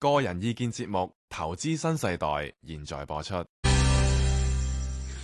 個人意見節目《投資新世代》現在播出。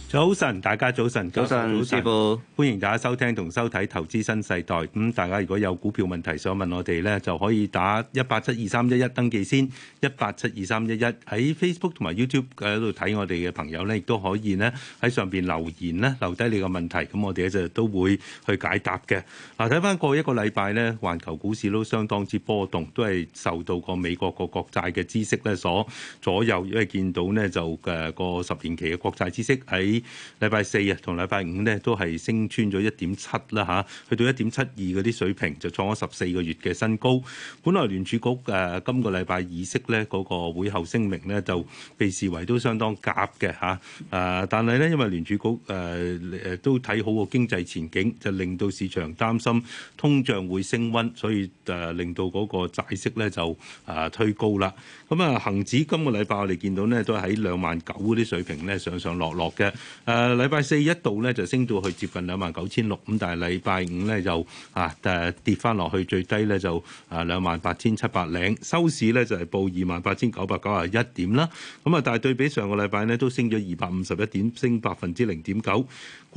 早晨，大家早晨，早晨，老師傅，歡迎大家收聽同收睇《投資新世代》。咁大家如果有股票問題想問我哋咧，就可以打一八七二三一一登記先，一八七二三一一。喺 Facebook 同埋 YouTube 度睇我哋嘅朋友咧，亦都可以咧喺上邊留言咧，留低你嘅問題，咁我哋咧就都會去解答嘅。嗱，睇翻過一個禮拜咧，環球股市都相當之波動，都係受到過美國個國債嘅孳息咧所左右，因為見到咧就嘅個十年期嘅國債孳息。喺禮拜四啊，同禮拜五咧都係升穿咗一點七啦吓，去到一點七二嗰啲水平就創咗十四個月嘅新高。本來聯儲局誒、呃、今個禮拜議息呢嗰、那個會後聲明呢就被視為都相當夾嘅吓，誒、啊、但係呢，因為聯儲局誒誒、呃、都睇好個經濟前景，就令到市場擔心通脹會升溫，所以誒、呃、令到嗰個債息呢就誒、呃、推高啦。咁啊，恒指今個禮拜我哋見到呢都喺兩萬九嗰啲水平呢上上落落嘅。誒，禮拜四一度咧就升到去接近兩萬九千六，咁但係禮拜五咧就啊誒，跌翻落去最低咧就啊兩萬八千七百零，收市咧就係、是、報二萬八千九百九十一點啦，咁啊但係對比上個禮拜咧都升咗二百五十一點，升百分之零點九。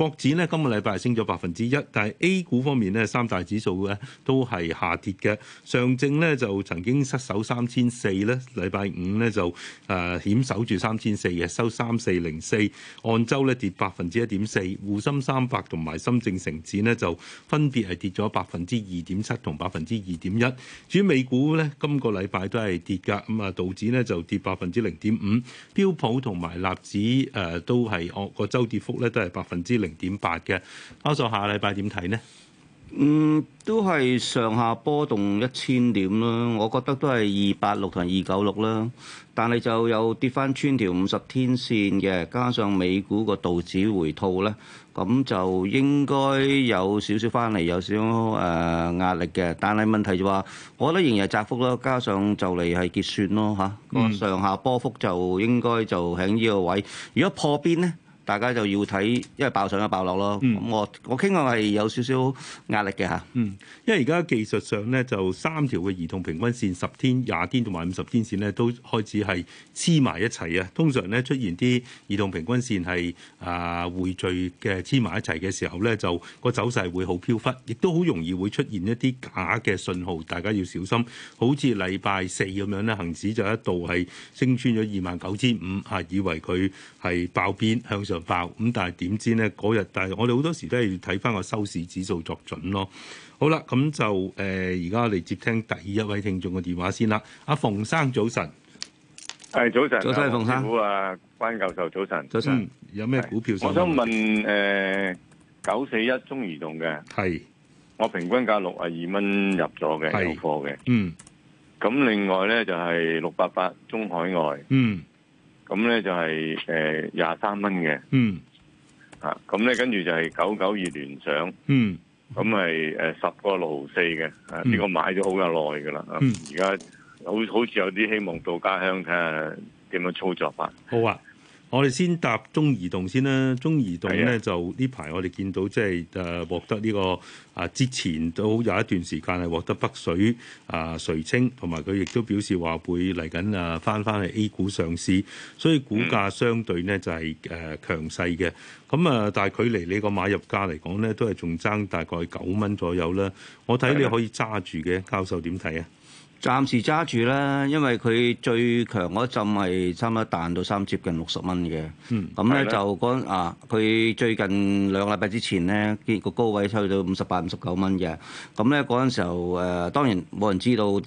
invece 國指呢，今個禮拜升咗百分之一，但係 A 股方面呢，三大指數呢都係下跌嘅。上證呢就曾經失守三千四呢，禮拜五呢就誒險守住三千四嘅，收三四零四。按週呢跌百分之一點四，滬深三百同埋深證成指呢就分別係跌咗百分之二點七同百分之二點一。至於美股呢，今個禮拜都係跌㗎，咁、嗯、啊道指呢就跌百分之零點五，標普同埋納指誒、呃、都係按個週跌幅呢都係百分之零零點八嘅，加上下個禮拜點睇呢？嗯，都係上下波動一千點啦。我覺得都係二八六同二九六啦。但係就又跌翻穿條五十天線嘅，加上美股個道指回吐咧，咁就應該有少少翻嚟，有少誒、呃、壓力嘅。但係問題就話，我覺得仍然係窄幅咯。加上就嚟係結算咯嚇，個、嗯、上下波幅就應該就喺呢個位。如果破邊呢？大家就要睇，因為爆上又爆落咯。咁、嗯、我我傾向係有少少壓力嘅吓，嗯，因為而家技術上咧，就三條嘅移動平均線，十天、廿天同埋五十天線咧，都開始係黐埋一齊啊。通常咧，出現啲移動平均線係啊匯聚嘅黐埋一齊嘅時候咧，就個走勢會好飄忽，亦都好容易會出現一啲假嘅信號，大家要小心。好似禮拜四咁樣咧，恆指就一度係升穿咗二萬九千五，嚇，以為佢係爆邊向上。爆咁，但係點知咧？嗰日，但係我哋好多時都係要睇翻個收市指數作準咯。好啦，咁就誒，而家我哋接聽第二一位聽眾嘅電話先啦。阿、啊、馮生早晨，係早晨，早晨，馮生，好啊，關教授早晨，早晨，有咩股票？我想問誒，九四一中移動嘅，係是我平均價六啊二蚊入咗嘅，是有貨嘅，嗯。咁另外咧就係六八八中海外，嗯。咁咧就係誒廿三蚊嘅，嗯，嚇、嗯，咁咧跟住就係九九二聯想，嗯，咁係誒十個六毫四嘅，啊，呢個買咗好嘅耐嘅啦，嗯，而家好好似有啲希望到家鄉睇下點樣操作法，好啊。我哋先搭中移動先啦，中移動咧就呢排我哋見到即係誒獲得呢個啊之前都有一段時間係獲得北水啊垂青，同埋佢亦都表示話會嚟緊啊翻翻去 A 股上市，所以股價相對呢就係誒強勢嘅。咁啊，但係距離你個買入價嚟講呢，都係仲爭大概九蚊左右啦。我睇你可以揸住嘅，教授點睇啊？暫時揸住啦，因為佢最強嗰陣係差唔多彈到三接近六十蚊嘅，咁咧、嗯、就嗰的啊佢最近兩個禮拜之前咧結個高位出去到五十八五十九蚊嘅，咁咧嗰陣時候誒、呃、當然冇人知道誒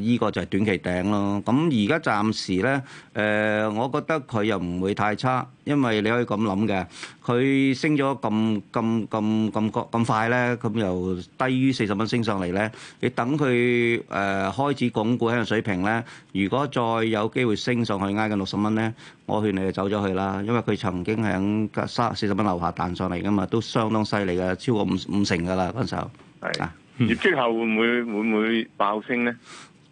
依、呃、個就係短期頂咯，咁而家暫時咧誒、呃、我覺得佢又唔會太差。因為你可以咁諗嘅，佢升咗咁咁咁咁咁快咧，咁由低於四十蚊升上嚟咧，你等佢誒、呃、開始鞏固喺個水平咧，如果再有機會升上去挨緊六十蚊咧，我勸你就走咗去啦，因為佢曾經喺三四十蚊樓下彈上嚟噶嘛，都相當犀利嘅，超過五五成噶啦嗰陣時候。係業績後會唔會會唔會爆升咧？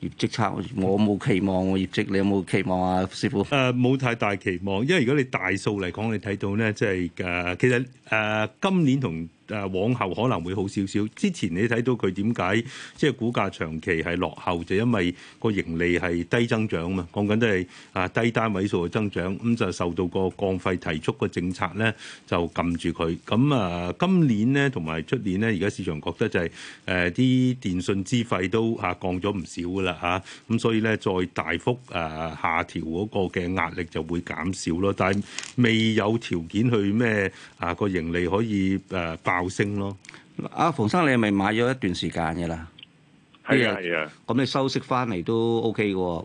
業績差，我冇期望我業績。你有冇期望啊，師傅？誒、呃，冇太大期望，因為如果你大數嚟講，你睇到咧，即係誒、呃，其實誒、呃，今年同。誒，往後可能會好少少。之前你睇到佢點解即係股價長期係落後，就因為個盈利係低增長啊嘛。講緊都係啊，低單位數嘅增長，咁就受到個降費提速個政策咧，就撳住佢。咁啊，今年咧同埋出年咧，而家市場覺得就係誒啲電信資費都下降咗唔少噶啦嚇，咁、啊、所以咧再大幅啊下調嗰個嘅壓力就會減少咯。但係未有條件去咩啊個盈利可以誒爆。呃有升咯，阿馮生，你係咪買咗一段時間嘅啦？係啊，咁你收息翻嚟，都 O K 嘅。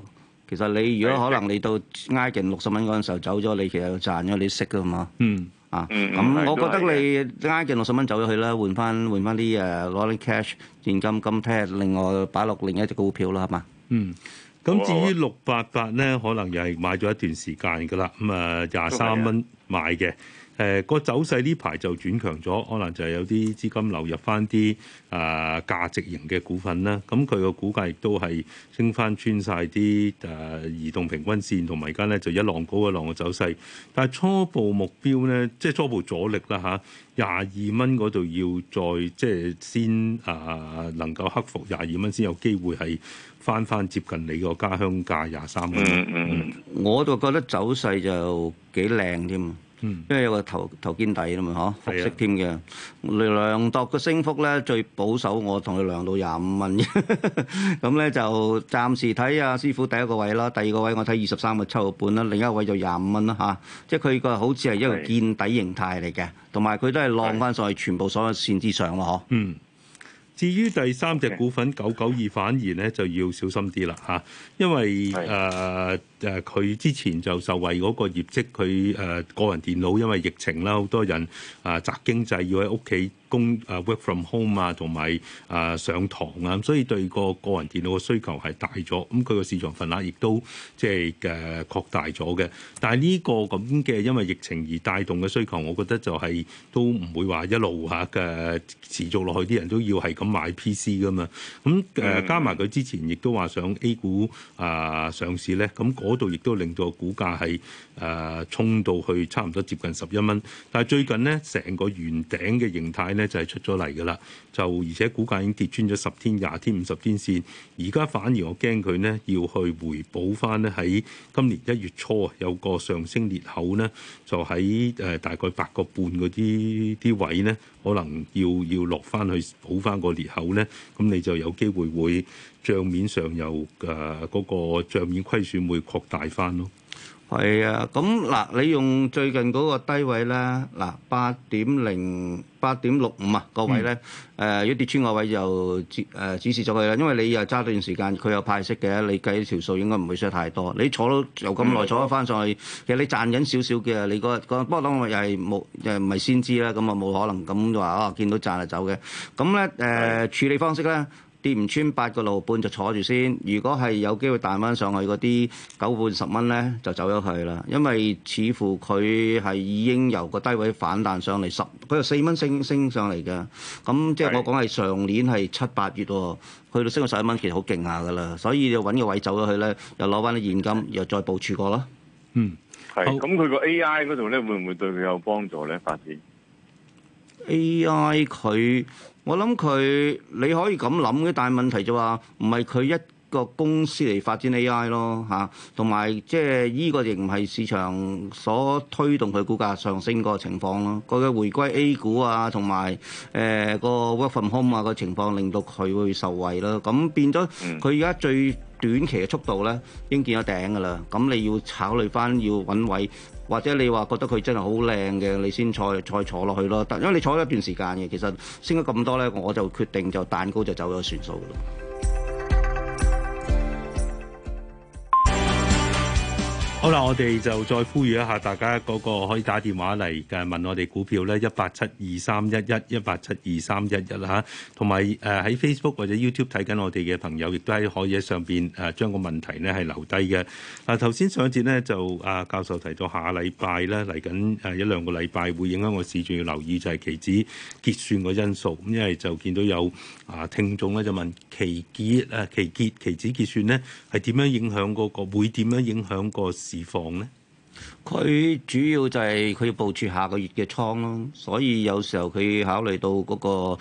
其實你如果可能，你到挨近六十蚊嗰陣時候走咗，你其實賺咗你息噶嘛。嗯，啊，咁我覺得你挨近六十蚊走咗去啦，換翻換翻啲誒，攞啲 cash 現金金貼，另外擺落另一隻股票啦，係嘛。嗯，咁至於六八八咧，可能又係買咗一段時間噶啦。咁啊，廿三蚊買嘅。誒個、啊、走勢呢排就轉強咗，可能就係有啲資金流入翻啲啊價值型嘅股份啦。咁佢個股價亦都係升翻穿晒啲誒移動平均線，同埋而家咧就一浪高一浪嘅走勢。但係初步目標咧，即係初步阻力啦吓，廿二蚊嗰度要再即係先啊能夠克服廿二蚊，先有機會係翻翻接近你個家鄉價廿三蚊。嗯嗯，我就覺得走勢就幾靚添。嗯、因為有個頭頭肩底啦嘛，嗬，複式添嘅。量度嘅升幅咧，最保守我同佢量到廿五蚊，咁 咧就暫時睇阿師傅第一個位啦，第二個位我睇二十三個七毫半啦，另一個位就廿五蚊啦吓，即係佢個好似係一個見底形態嚟嘅，同埋佢都係浪翻上去全部所有線之上咯，嗬的。嗯。至於第三隻股份九九二，反而咧就要小心啲啦吓，因為誒。的誒佢之前就受惠嗰個業績，佢誒個人電腦因為疫情啦，好多人啊宅經濟要喺屋企工啊 work from home 啊，同埋啊上堂啊，所以對個個人電腦嘅需求係大咗，咁佢個市場份額亦都即係誒擴大咗嘅。但係呢個咁嘅因為疫情而帶動嘅需求，我覺得就係都唔會話一路嚇嘅持續落去，啲人都要係咁買 PC 噶嘛。咁誒加埋佢之前亦都話想 A 股啊上市咧，咁。嗰度亦都令到股價係誒衝到去差唔多接近十一蚊，但係最近呢成個圓頂嘅形態呢就係出咗嚟㗎喇，就而且股價已經跌穿咗十天、廿天、五十天線，而家反而我驚佢呢要去回補翻呢喺今年一月初有個上升裂口呢，就喺誒大概八個半嗰啲啲位呢，可能要要落翻去補翻個裂口呢。咁你就有機會會。帳面上有誒嗰、啊那個帳面虧損會擴大翻咯，係啊，咁嗱，你用最近嗰個低位啦，嗱八點零八點六五啊、那個位咧，誒一、嗯呃、跌穿個位就誒指示咗佢啦，因為你又揸一段時間，佢又派息嘅，你計條數應該唔會蝕太多。你坐到又咁耐，嗯、坐咗翻上去，其實你賺緊少少嘅，你、那個、那個、不過當我又係冇誒唔係先知啦，咁啊冇可能咁就話哦見到賺就走嘅，咁咧誒處理方式咧。跌唔穿八個六半就坐住先。如果係有機會彈翻上去嗰啲九半十蚊咧，就走咗佢啦。因為似乎佢係已經由個低位反彈上嚟十，佢又四蚊升升上嚟嘅。咁即係我講係上年係七八月喎，去到升到十一蚊，其實好勁下噶啦。所以你搵個位走咗去咧，又攞翻啲現金，又再部署過咯 bl 是。嗯，係。咁佢個 AI 嗰度咧，會唔會對佢有幫助咧？發展 AI 佢。我諗佢你可以咁諗嘅，但係問題就話唔係佢一個公司嚟發展 AI 咯、啊，嚇，同埋即係依個亦唔係市場所推動佢股價上升個情況咯。佢嘅回歸 A 股啊，同埋 work from home 啊個情況，令到佢會受惠啦。咁變咗佢而家最短期嘅速度咧，已經見咗頂㗎啦。咁你要考慮翻要揾位。或者你話覺得佢真係好靚嘅，你先坐坐坐落去咯。因為你坐咗一段時間嘅，其實升咗咁多咧，我就決定就蛋糕就走咗算數。好啦，我哋就再呼籲一下大家，個個，可以打電話嚟嘅問我哋股票咧，一八七二三一一一八七二三一一啦嚇，同埋誒喺 Facebook 或者 YouTube 睇緊我哋嘅朋友，亦都係可以喺上邊誒將個問題咧係留低嘅。嗱頭先上一節咧就阿、啊、教授提到下禮拜咧嚟緊誒一兩個禮拜會影響我市，仲要留意就係期指結算個因素。咁因為就見到有啊聽眾咧就問期結誒、啊、期結期指結算咧係點樣影響個個會點樣影響個市。預防咧，佢主要就係佢要部署下個月嘅倉咯，所以有時候佢考慮到嗰個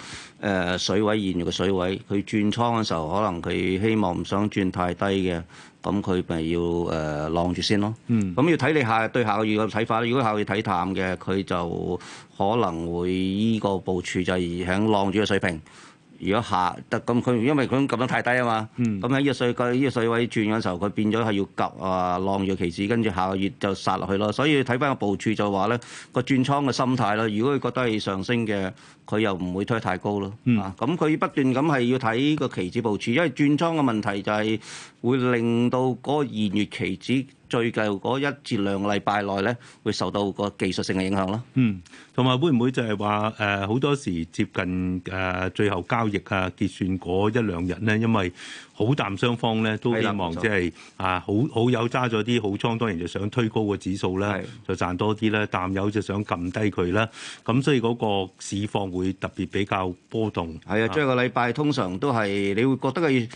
誒水位現住嘅水位，佢、呃、轉倉嘅時候可能佢希望唔想轉太低嘅，咁佢咪要誒晾、呃、住先咯。嗯，咁要睇你下對下個月嘅睇法。如果下個月睇淡嘅，佢就可能會依個部署就係喺晾住嘅水平。如果下得咁佢，因為佢咁樣太低啊嘛，咁喺呢個水位呢個水位轉嘅時候，佢變咗係要急啊浪月期指，跟住下個月就殺落去咯。所以睇翻個部署就話咧，個轉倉嘅心態啦。如果佢覺得係上升嘅，佢又唔會推太高咯。嗯、啊，咁佢不斷咁係要睇個期指部署，因為轉倉嘅問題就係會令到嗰二月期指最近嗰一至兩個禮拜內咧，會受到個技術性嘅影響咯。嗯。同埋會唔會就係話誒好多時接近誒最後交易啊結算嗰一兩日咧，因為好淡雙方咧都希望即係啊好好友揸咗啲好倉，當然就想推高個指數咧，就賺多啲咧；淡友就想撳低佢啦。咁所以嗰個市況會特別比較波動。係啊，最後個禮拜通常都係你會覺得佢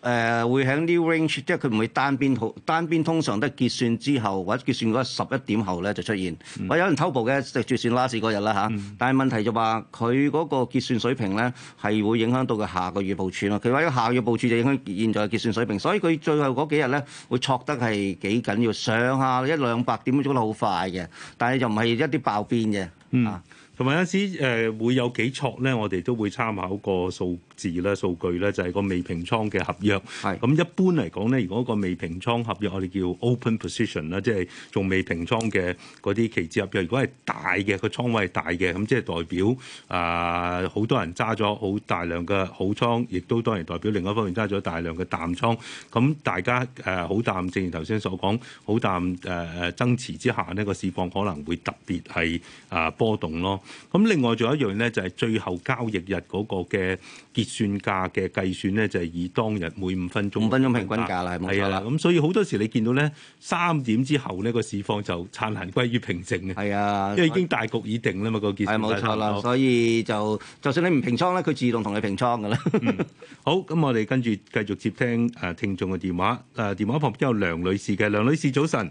誒會喺呢個 range，即係佢唔會單邊好，單邊，通常都係結算之後或者結算嗰十一點後咧就出現。我有人偷步嘅，直結算 l a 日啦嚇，嗯、但係問題就話佢嗰個結算水平咧，係會影響到佢下個月部署咯。佢話一下個月部署就影響現在嘅結算水平，所以佢最後嗰幾日咧會挫得係幾緊要，上下一兩百點都捉得好快嘅，但係就唔係一啲爆變嘅啊。嗯同埋有時誒、呃、會有幾錯咧，我哋都會參考個數字啦。數據咧，就係、是、個未平倉嘅合約。係咁的一般嚟講咧，如果個未平倉合約，我哋叫 open position 啦，即係仲未平倉嘅嗰啲期指合約。如果係大嘅、那個倉位係大嘅，咁即係代表啊，好、呃、多人揸咗好大量嘅好倉，亦都當然代表另外一方面揸咗大量嘅淡倉。咁大家誒好、呃、淡，正如頭先所講，好淡誒誒、呃、增持之下呢、那個市況可能會特別係啊、呃、波動咯。咁另外仲有一樣咧，就係、是、最後交易日嗰個嘅結算價嘅計算咧，就係、是、以當日每五分鐘五分鐘平均價的啦，係啊、嗯，咁所以好多時你見到咧，三點之後呢個市況就燦爛歸於平靜嘅，係啊的，因為已經大局已定啦嘛，個結算係冇錯啦，所以就就算你唔平倉咧，佢自動同你平倉㗎啦、 嗯。好，咁我哋跟住繼續接聽誒聽眾嘅電話，誒、啊、電話旁邊有梁女士嘅，梁女士早晨。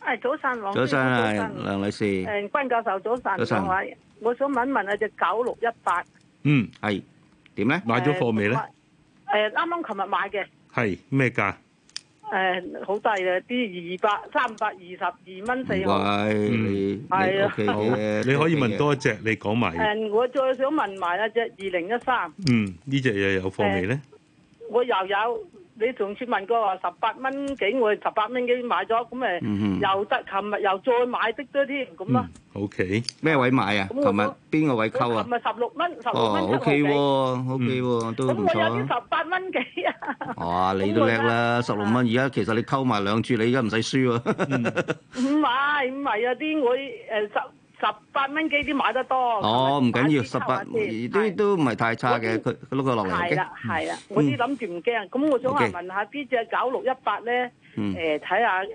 係早晨，早晨啊，梁女士。誒，關教授早晨。早晨，我想問一問啊，隻九六一八。嗯，係點咧？買咗貨未咧？誒，啱啱琴日買嘅。係咩價？誒，好低啊！啲二百、三百、二十二蚊四。哇，係，係啊，幾好。你可以問多一隻，你講埋。誒，我再想問埋一隻二零一三。嗯，呢隻又有貨未咧？我又有。你上次問過話十八蚊幾喎？十八蚊幾買咗，咁誒，又得，琴日又再買的多啲。咁啊？O K，咩位買啊？琴日邊說個位溝啊？琴日十六蚊，十六蚊 O K，O K，都唔錯。十八蚊幾啊？哇、啊啊，你都叻啦，十六蚊，而家其實你溝埋兩注，你而家唔使輸喎。唔係唔係啊，啲我誒十。十八蚊幾啲買得多？哦，唔緊要，十八都都唔係太差嘅。佢碌個落嚟。係啦，係啦，我只諗住唔驚。咁我想問下邊隻九六一八咧？誒睇下誒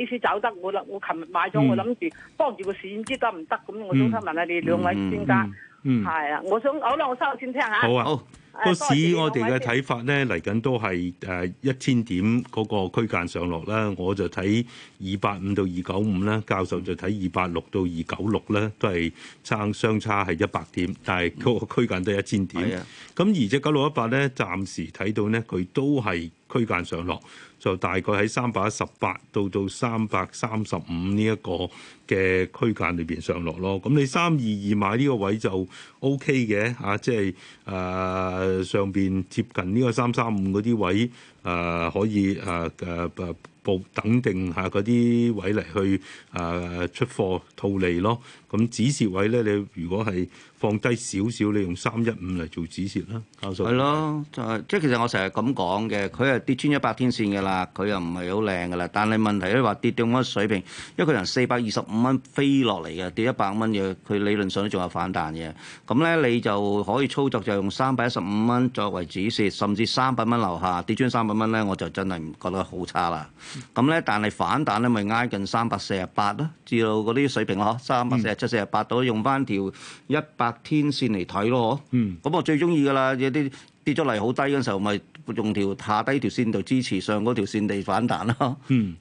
幾時走得我啦。我琴日買咗，我諗住幫住個試驗知得唔得？咁我都想問下你兩位專家。嗯，係啊、mm.，我想我攞我收先聽下。好啊，好。個 市我哋嘅睇法咧，嚟緊都係誒一千點嗰個區間上落啦。我就睇二八五到二九五啦，教授就睇二八六到二九六啦，都係差相差係一百點，但係嗰個區間都係一千點。咁、mm. 而隻九六一八咧，暫時睇到咧，佢都係區間上落，就大概喺三百一十八到到三百三十五呢一個。嘅區間裏邊上落咯，咁你三二二買呢個位就 O K 嘅嚇，即係誒、啊、上邊接近呢個三三五嗰啲位誒、啊、可以誒誒誒報等定下嗰啲位嚟，去誒、啊、出貨套利咯。咁止蝕位咧，你如果係放低少少，你用三一五嚟做止蝕啦。教授係咯，就係即係其實我成日咁講嘅，佢係跌穿一百天線嘅啦，佢又唔係好靚嘅啦。但係問題咧話跌到乜水平，因為佢由四百二十五蚊飛落嚟嘅，跌一百蚊嘅，佢理論上都仲有反彈嘅。咁咧，你就可以操作就用三百一十五蚊作為止蝕，甚至三百蚊樓下跌穿三百蚊咧，我就真係唔覺得好差啦。咁咧，但係反彈咧，咪挨近三百四十八咯，至到嗰啲水平咯，三百四十七、四十八度，用翻條一百天線嚟睇咯，嗬、嗯。咁我最中意噶啦，一啲跌咗嚟好低嗰陣時候，咪用條下低條線度支持上嗰條線嚟反彈咯。嗯。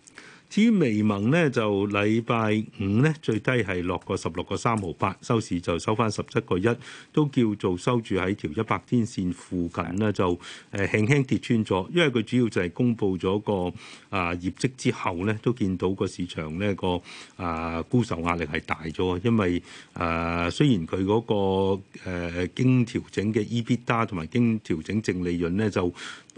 至於微盟咧，就禮拜五咧最低係落個十六個三毫八，收市就收翻十七個一，都叫做收住喺條一百天線附近咧，就誒輕輕跌穿咗。因為佢主要就係公布咗個啊業績之後咧，都見到個市場咧個啊沽售壓力係大咗，因為啊、呃、雖然佢嗰、那個誒、呃、經調整嘅 EBITDA 同埋經調整淨利潤咧就。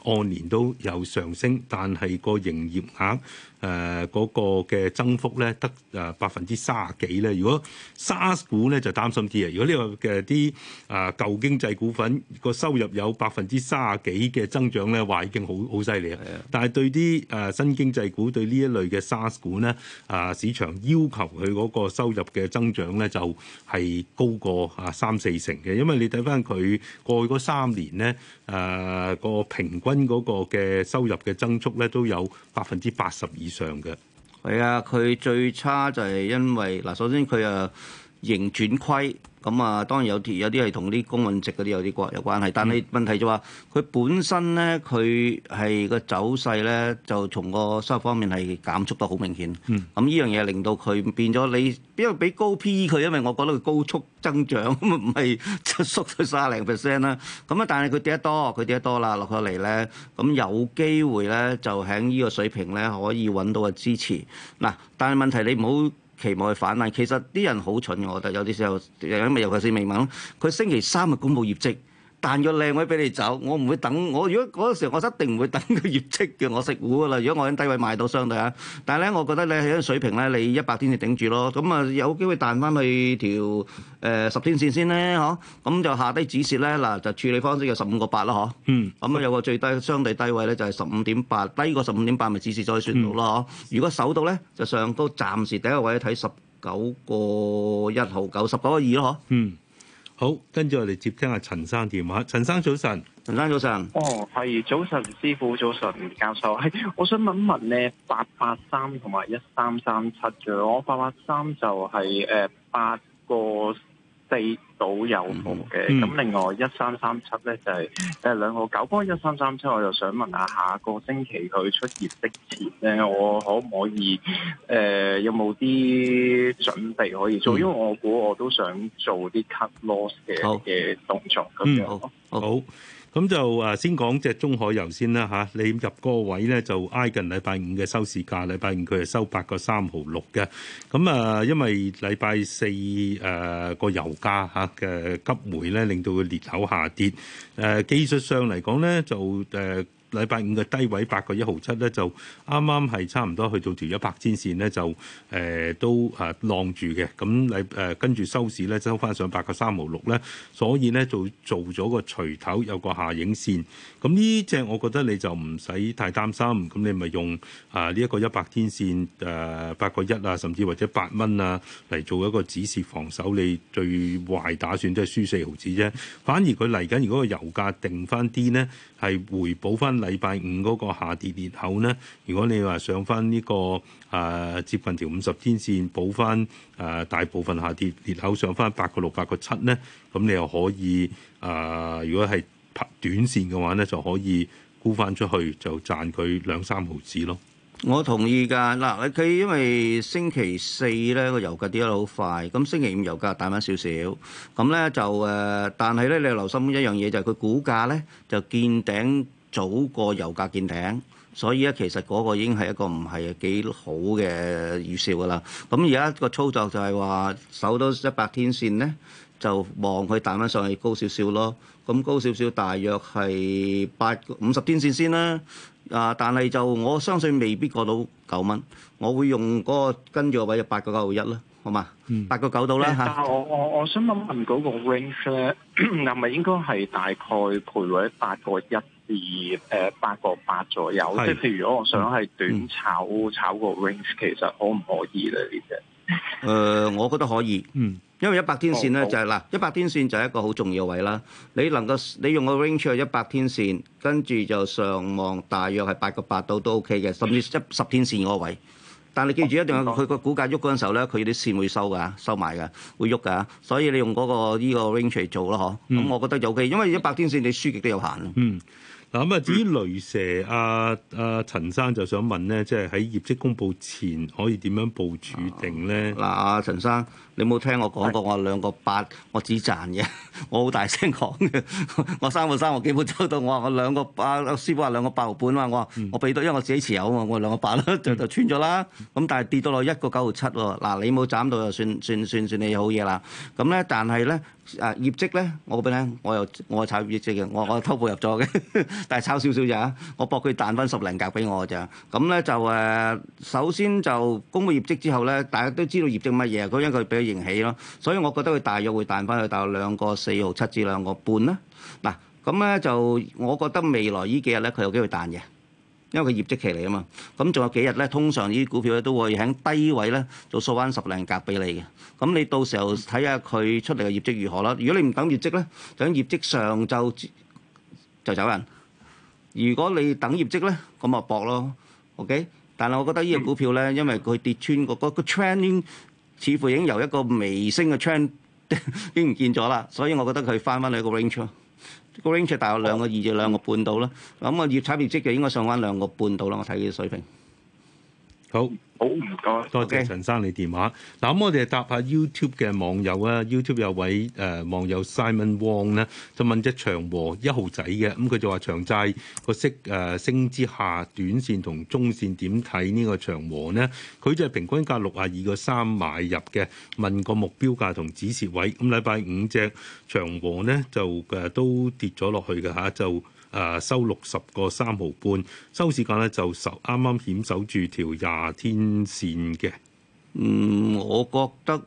按年都有上升，但係個營業額誒、呃嗰個嘅增幅咧得誒百分之卅幾咧。如果沙股咧就擔心啲啊，如果呢個嘅啲誒舊經濟股份個收入有百分之卅幾嘅增長咧，話已經好好犀利。啊，係啊，但係對啲誒新經濟股對呢一類嘅沙股咧，啊市場要求佢個收入嘅增長咧就係、是、高過啊三四成嘅，因為你睇翻佢過去三年咧誒、呃、個平均。嗰個嘅收入嘅增速咧都有百分之八十以上嘅，係啊，佢最差就係因為嗱，首先佢啊。盈轉虧，咁啊，當然有啲有啲係同啲公允值嗰啲有啲關有關係，但係問題就話佢本身咧，佢係個走勢咧，就從個收入方面係減速得好明顯。咁呢、嗯、樣嘢令到佢變咗你，因為俾高 PE 佢，因為我覺得佢高速增長，咁啊唔係縮到卅零 percent 啦。咁啊，但係佢跌得多，佢跌得多啦，落咗嚟咧，咁有機會咧就喺呢個水平咧可以揾到個支持。嗱，但係問題你唔好，期望去反彈，其實啲人好蠢嘅，我覺得有啲時候，因為尤其是未文，佢星期三嘅公布業績。彈個靚位俾你走，我唔會等。我如果嗰時，我一定唔會等佢業績嘅。我食糊噶啦。如果我喺低位買到，相對啊。但係咧，我覺得咧喺水平咧，你一百天線頂住咯。咁、嗯、啊，有機會彈翻去條誒十、呃、天線先咧，嗬。咁、嗯、就、嗯、下低止蝕咧。嗱，就處理方式就十五個八啦，嗬。嗯。咁啊、嗯，有個最低相對低位咧，就係十五點八，低過十五點八咪止蝕再算數咯。嗬。嗯、如果守到咧，就上高暫時第一個位睇十九個一毫九，十九個二咯，嗬。嗯。19. 好，跟住我哋接聽下陳生電話。陳生早晨，陳生早晨。哦，係早晨，師傅早晨，教授。係我想問問咧，八八三同埋一三三七嘅，我八八三就係誒八個。四到有冇嘅？咁、嗯、另外一三三七咧就係誒兩個九波，一三三七，我就想問下，下個星期佢出熱的前咧，我可唔可以誒、呃、有冇啲準備可以做？因為我估我都想做啲 cut loss 嘅嘅好動作咁、嗯、樣好。好。咁就誒先講隻中海油先啦嚇，你入個位咧就挨近禮拜五嘅收市價，禮拜五佢係收八個三毫六嘅。咁啊，因為禮拜四誒個油價嚇嘅急回咧，令到佢裂口下跌。誒技術上嚟講咧，就誒。禮拜五嘅低位八個一毫七咧，就啱啱係差唔多去到條一百天線咧，就、呃、誒都啊浪住嘅。咁禮誒跟住收市咧，收翻上八個三毫六咧，所以咧就做咗個錘頭，有個下影線。咁呢隻我覺得你就唔使太擔心，咁你咪用啊呢一個一百天線誒八個一啊，甚至或者八蚊啊嚟做一個指示防守，你最壞打算都係輸四毫子啫。反而佢嚟緊如果個油價定翻啲呢，係回補翻禮拜五嗰個下跌裂口呢。如果你話上翻、這、呢個啊、呃、接近條五十天線補翻啊、呃、大部分下跌裂口上翻八個六、八個七呢，咁你又可以啊、呃、如果係。拍短線嘅話咧，就可以沽翻出去就賺佢兩三毫紙咯。我同意㗎。嗱，佢因為星期四咧個油價跌得好快，咁星期五油價大翻少少，咁咧就誒、呃，但係咧你留心一樣嘢，就係、是、佢股價咧就見頂早過油價見頂，所以咧其實嗰個已經係一個唔係幾好嘅預兆㗎啦。咁而家個操作就係話守到一百天線咧。就望佢彈翻上去高少少咯，咁高少少大約係八五十天線先啦。啊，但係就我相信未必過到九蚊，我會用嗰、嗰個跟住個位就八個九號一啦，好嘛？八個九到啦嚇。嗯嗯、但係我我我想，想問問嗰個 range 咧，係咪應該係大概徘徊喺八個一至誒八個八左右？是即係譬如果我想係短炒、嗯、炒個 range，其實可唔可以咧？呢隻、嗯？誒 、呃，我覺得可以。嗯。因為一百天線咧就係嗱，一百天線就係一個好重要位啦。你能夠你用個 range 去一百天線，跟住就上望大約係八個八度都 OK 嘅，甚至一十天線嗰位。但係你記住一定要佢個股價喐嗰陣時候咧，佢啲線會收㗎，收埋㗎，會喐㗎。所以你用嗰個依個 range 嚟做咯，嗬、嗯。咁我覺得就 OK 因為一百天線你輸極都有限。嗯。嗱咁啊，至於雷蛇，啊啊陳生就想問咧，嗯、即係喺業績公佈前可以點樣部署定咧？嗱、啊，阿、啊、陳生。你冇聽我講過，唉我兩個八，我只賺嘅，我好大聲講嘅。 我三個三，我幾乎抽到。我話我兩個八，師傅話兩個八毫半嘛。我我俾到，因為我自己持有啊嘛。我兩個八咧就就穿咗啦。咁但係跌到落一個九毫七喎。嗱，你冇斬到就算算算算你好嘢啦。咁、啊、咧，但係咧，誒、啊、業績咧，我邊咧，我又我係炒業績嘅，我我偷步入咗嘅， 但係炒少少咋。我搏佢彈翻十零格俾我咋。咁咧就誒，首先就公布業績之後咧，大家都知道業績乜嘢。因為俾形起咯，所以我覺得佢大約會彈翻去到兩個四毫七至兩個半啦。嗱，咁咧就我覺得未來呢幾日咧，佢有機會彈嘅，因為佢業績期嚟啊嘛。咁仲有幾日咧？通常呢啲股票咧都會喺低位咧做數翻十零格俾你嘅。咁你到時候睇下佢出嚟嘅業績如何啦。如果你唔等業績咧，就等業績上晝就走人。如果你等業績咧，咁啊搏咯。OK。但係我覺得呢隻股票咧，因為佢跌穿個個 training。似乎已經由一個微星嘅趨 已經唔見咗啦，所以我覺得佢翻翻嚟一個 range 咯。個 range 大約兩個二至兩個半度啦。咁個業產業績就應該上翻兩個半度啦，我睇嘅水平。好好唔該，多謝陳生你電話。嗱，咁我哋就答下 YouTube 嘅網友啦。YouTube 有位誒、呃、網友 Simon Wong 咧，就問隻長和一號仔嘅，咁、嗯、佢就話長債個息誒、呃、升之下，短線同中線點睇呢個長和呢？佢就係平均價六啊二個三買入嘅，問個目標價同止蝕位。咁禮拜五隻長和呢就誒、呃、都跌咗落去嘅，下、啊、就。誒、uh, 收六十個三毫半，收市價咧就十啱啱險守住條廿天線嘅。嗯，我覺得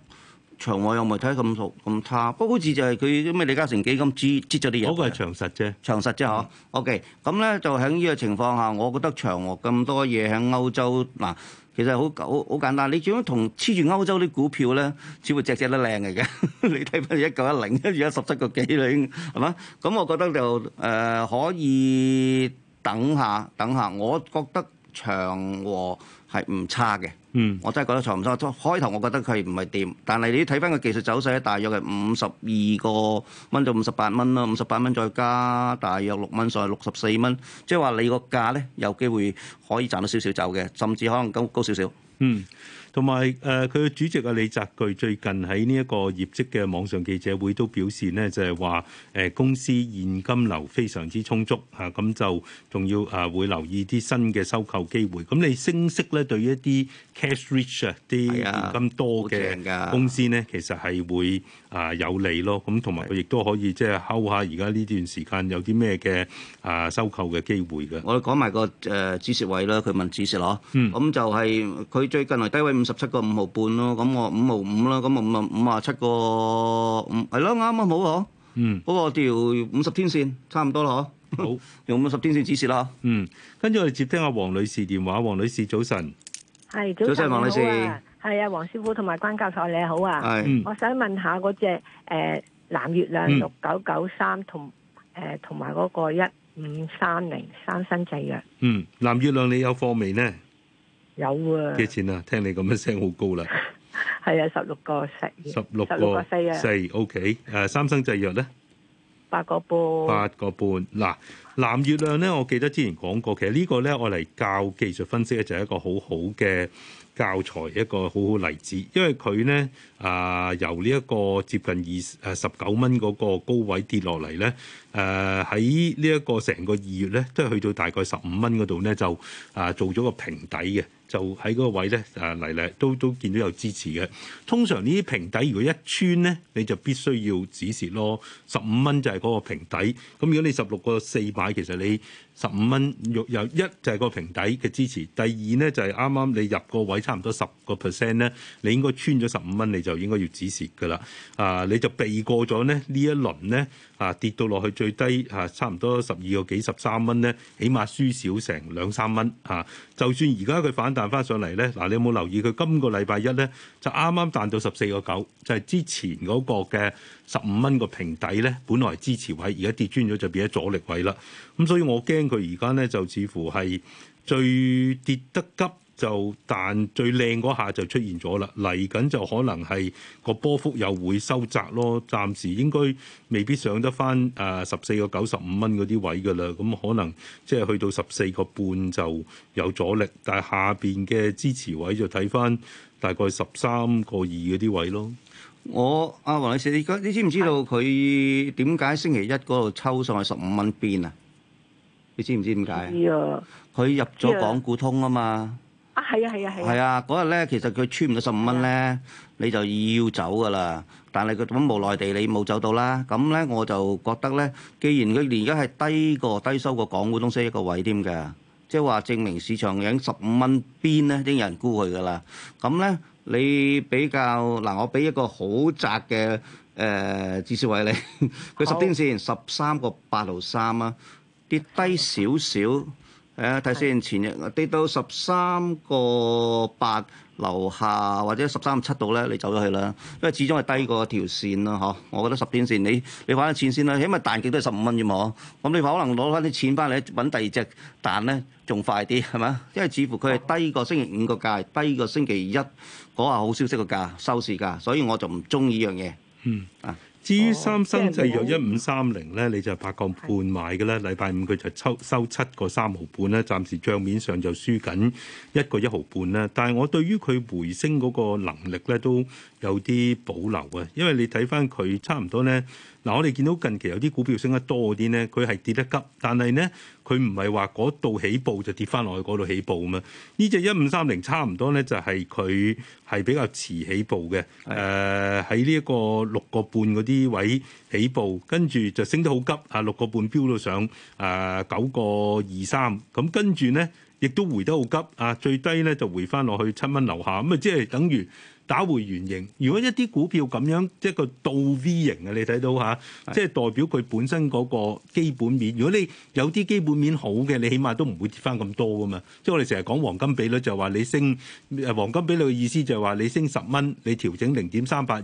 長和又咪睇咁熟咁差，不過好似就係佢咩李嘉誠基金接接咗啲嘢。嗰個係長實啫，長實啫嗬 OK，咁咧就喺呢個情況下，我覺得長和咁多嘢喺歐洲嗱。其實好好簡單，你仲要同黐住歐洲啲股票咧，只會隻隻都靚嚟嘅。 你睇返一九一零跟住一十七個幾啦，已經係嘛，咁，我覺得就誒、呃、可以等下等下。我覺得長和係唔差嘅。嗯，我真係覺得錯唔錯。開頭我覺得佢唔係掂，但係你睇翻個技術走勢咧，大約係五十二個蚊到五十八蚊啦，五十八蚊再加大約六蚊，所以六十四蚊。即係話你個價咧有機會可以賺到少少走嘅，甚至可能高高少少。嗯，同埋誒佢主席啊李澤鉅最近喺呢一個業績嘅網上記者會都表示呢，就係話誒公司現金流非常之充足嚇，咁、啊、就仲要誒、啊、會留意啲新嘅收購機會。咁你升息咧對於一啲 cash rich 啊，啲咁多嘅公司咧，其實係會啊有利咯。咁同埋亦都可以即係睺下，而家呢段時間有啲咩嘅啊收購嘅機會嘅。我哋講埋個誒止蝕位啦。佢問止蝕咯，咁就係佢最近嚟低位五十七個五毫半咯。咁 我五毫五啦，咁啊五啊五啊七個五係咯，啱啊，好啊，嗯。不過調五十天線差唔多啦，嗬。好，用五十天線止蝕啦。嗯，跟住我哋接聽阿王女士電話。王女士早晨。係早，早晨，你好啊！係啊，黃師傅同埋關教授你好啊！係，嗯、我想問下嗰隻誒藍月亮六九九三同誒同埋嗰個一五三零三生製藥。嗯，藍月亮你有貨未呢？有啊的！幾錢啊？聽你咁樣聲好高啦！係 啊，十六個四，十六個四啊，四 OK、呃。誒，三生製藥咧？八個半，八個半嗱。藍月亮咧，我記得之前講過，其實個呢個咧，我嚟教技術分析咧，就係一個好好嘅教材，一個好好例子，因為佢咧啊，由呢一個接近二誒十,十九蚊嗰個高位跌落嚟咧。誒喺、呃、呢一個成個二月咧，都係去到大概十五蚊嗰度咧，就啊、呃、做咗個平底嘅，就喺嗰個位咧啊嚟嚟都都見到有支持嘅。通常呢啲平底如果一穿咧，你就必須要止蝕咯。十五蚊就係嗰個平底。咁如果你十六個四買，其實你十五蚊又有一就係個平底嘅支持，第二咧就係啱啱你入個位差唔多十個 percent 咧，你應該穿咗十五蚊，你就應該要止蝕噶啦。啊、呃，你就避過咗咧呢一輪咧。啊，跌到落去最低啊，差唔多十二個幾十三蚊咧，起碼輸少成兩三蚊啊！就算而家佢反彈翻上嚟咧，嗱，你有冇留意佢今個禮拜一咧就啱啱彈到十四個九，就係之前嗰個嘅十五蚊個平底咧，本來支持位，而家跌穿咗就變咗阻力位啦。咁所以我驚佢而家咧就似乎係最跌得急。就但最靚嗰下就出現咗啦，嚟緊就可能係個波幅又會收窄咯。暫時應該未必上得翻誒十四個九十五蚊嗰啲位㗎啦。咁、嗯、可能即係去到十四個半就有阻力，但係下邊嘅支持位就睇翻大概十三個二嗰啲位咯。我阿黃女士，你你知唔知道佢點解星期一嗰度抽上去十五蚊邊啊？你知唔知點解？知啊，佢入咗港股通啊嘛。係啊係啊係！係啊，嗰日咧，其實佢穿唔到十五蚊咧，你就要走㗎啦。但係佢咁無奈地，你冇走到啦。咁咧，我就覺得咧，既然佢而家係低過低收過港股東西一個位添㗎，即係話證明市場已經十五蚊邊咧，啲人沽佢㗎啦。咁咧，你比較嗱，我俾一個好窄嘅誒支持位你，佢十天線十三個八毫三啊，跌低少少。誒睇先，前日跌到十三個八樓下，或者十三七度咧，你走咗去啦。因為始終係低過條線咯，嗬。我覺得十天線，你你揾啲錢先啦。起碼彈極都係十五蚊啫嘛，嗬。咁你可能攞翻啲錢翻嚟揾第二隻彈咧，仲快啲係咪啊？因為似乎佢係低過星期五個價，低過星期一嗰下好消息個價收市價，所以我就唔中意依樣嘢。嗯。啊。至於三生製藥一五三零咧，你就八個半買嘅咧，禮拜是的 五佢就收收七個三毫半咧，暫時帳面上就輸緊一個一毫半咧，但係我對於佢回升嗰個能力咧都有啲保留啊，因為你睇翻佢差唔多咧，嗱我哋見到近期有啲股票升得多啲咧，佢係跌得急，但係咧佢唔係話嗰度起步就跌翻落去嗰度起步啊嘛。呢隻一五三零差唔多咧就係佢係比較遲起步嘅，誒喺呢一個六個半嗰啲位起步，跟住就升得好急啊，六個半飆到上誒九個二三，咁跟住咧亦都回得好急啊，最低咧就回翻落去七蚊樓下，咁啊即係等於。打回原形。如果一啲股票咁樣即係個倒 V 型呀，你睇到吓，即係代表佢本身嗰個基本面。如果你有啲基本面好嘅，你起碼都唔會跌翻咁多噶嘛。即係我哋成日講黃金比率就係話你升，黃金比率嘅意思就係話你升十蚊，你調整零點三八二，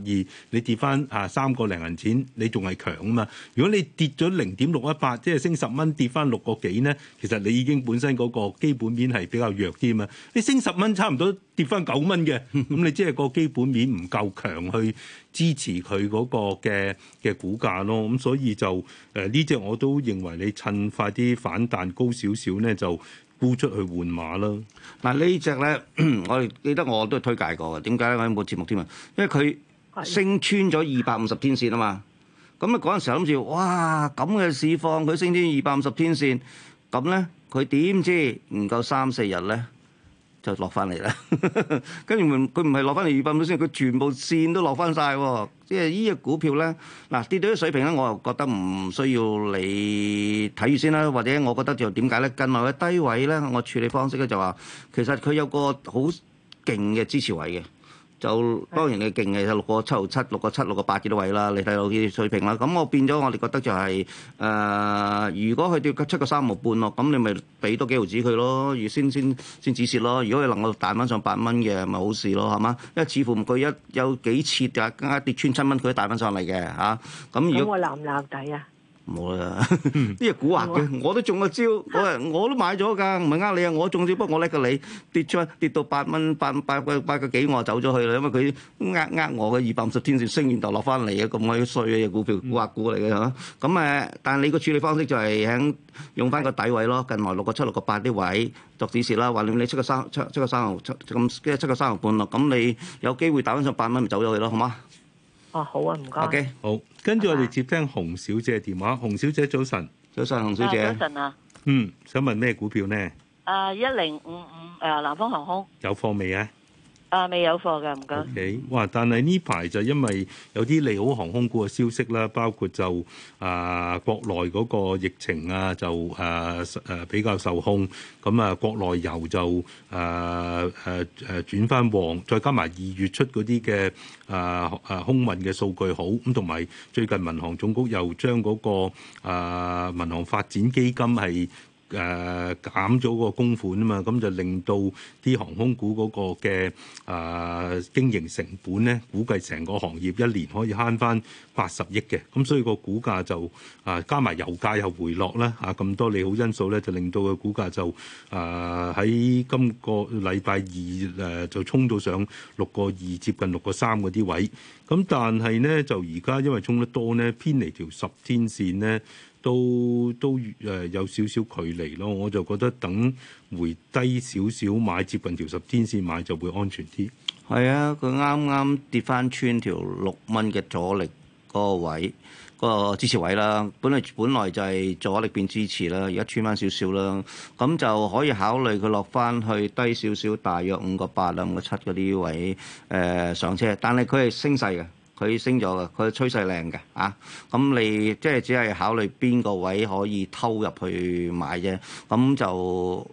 你跌翻嚇三個零銀錢，你仲係強啊嘛。如果你跌咗零點六一八，即係升十蚊跌翻六個幾咧，其實你已經本身嗰個基本面係比較弱啲啊嘛。你升十蚊差唔多跌翻九蚊嘅，咁你即係個。基本面唔夠強去支持佢嗰個嘅嘅股價咯，咁所以就誒呢隻我都認為你趁快啲反彈高少少咧，就沽出去換馬啦。嗱呢隻咧，我記得我都推介過嘅，點解咧？我有個節目添啊，因為佢升穿咗二百五十天線啊嘛，咁啊嗰陣時候諗住哇咁嘅市況，佢升穿二百五十天線，咁咧佢點知唔夠三四日咧？就落翻嚟啦， 跟住佢唔係落翻嚟二百點先，佢全部線都落翻晒喎。即係呢隻股票咧，嗱跌到啲水平咧，我又覺得唔需要你睇住先啦。或者我覺得就點解咧？近來嘅低位咧，我處理方式咧就話，其實佢有個好勁嘅支持位嘅。就當然你勁嘅係六個七毫七，六個七，六個八幾多位啦，你睇到啲水平啦。咁我變咗，我哋覺得就係、是、誒、呃，如果佢跌出個三毫半咯，咁你咪俾多幾毫子佢咯，先先先止蝕咯。如果佢能夠彈翻上八蚊嘅，咪好事咯，係嘛？因為似乎佢一有幾次跌跌穿七蚊，佢都彈翻上嚟嘅嚇。咁、啊、我鬧唔鬧底啊？冇啦，呢隻股惑嘅，我都中咗招，我我都買咗噶，唔係呃你啊，我中招，不過我叻過你，跌出跌到八蚊八八個八個幾，我就走咗去啦，因為佢呃呃我嘅二百五十天線升完就落翻嚟嘅，咁鬼衰嘅，股票股惑股嚟嘅嚇。咁誒，但係你個處理方式就係喺用翻個底位咯，近來六個七六個八啲位作指示啦。話你你出個三出出個三毫出咁，跟住出個三毫半咯。咁你有機會打翻上八蚊，咪走咗去咯，好嗎？哦，好啊，唔該。O K，好，跟住我哋接聽洪小姐嘅電話。洪小姐，早晨，早晨，洪小姐。一陣啊。嗯，想問咩股票呢？啊，一零五五，誒，南方航空。有貨未啊？啊，未有貨㗎，唔該。Okay. 哇！但係呢排就因為有啲利好航空股嘅消息啦，包括就啊、呃、國內嗰個疫情啊，就誒誒比較受控，咁啊國內遊就誒誒誒轉翻旺，再加埋二月出嗰啲嘅啊啊空運嘅數據好，咁同埋最近民航總局又將嗰、嗰個、呃、民航發展基金係，誒、呃、減咗個供款啊嘛，咁就令到啲航空股嗰個嘅誒、呃、經營成本咧，估計成個行業一年可以慳返八十億嘅，咁所以個股價就啊、呃、加埋油價又回落啦，啊咁多利好因素咧，就令到個股價就啊喺今個禮拜二誒就衝到上六個二接近六個三嗰啲位，咁但係咧就而家因為衝得多咧，偏離條十天線咧。都都誒、呃、有少少距離咯，我就覺得等回低少少買，接近條十天線買就會安全啲。係啊，佢啱啱跌翻穿條六蚊嘅阻力個位，嗰個支持位啦。本嚟本來就係阻力變支持啦，而家穿翻少少啦，咁就可以考慮佢落翻去低少少，大約五個八啊，五個七嗰啲位誒上車。但係佢係升勢嘅。佢升咗嘅，佢趨勢靚嘅，啊，咁你即係只係考慮邊個位可以偷入去買啫，咁就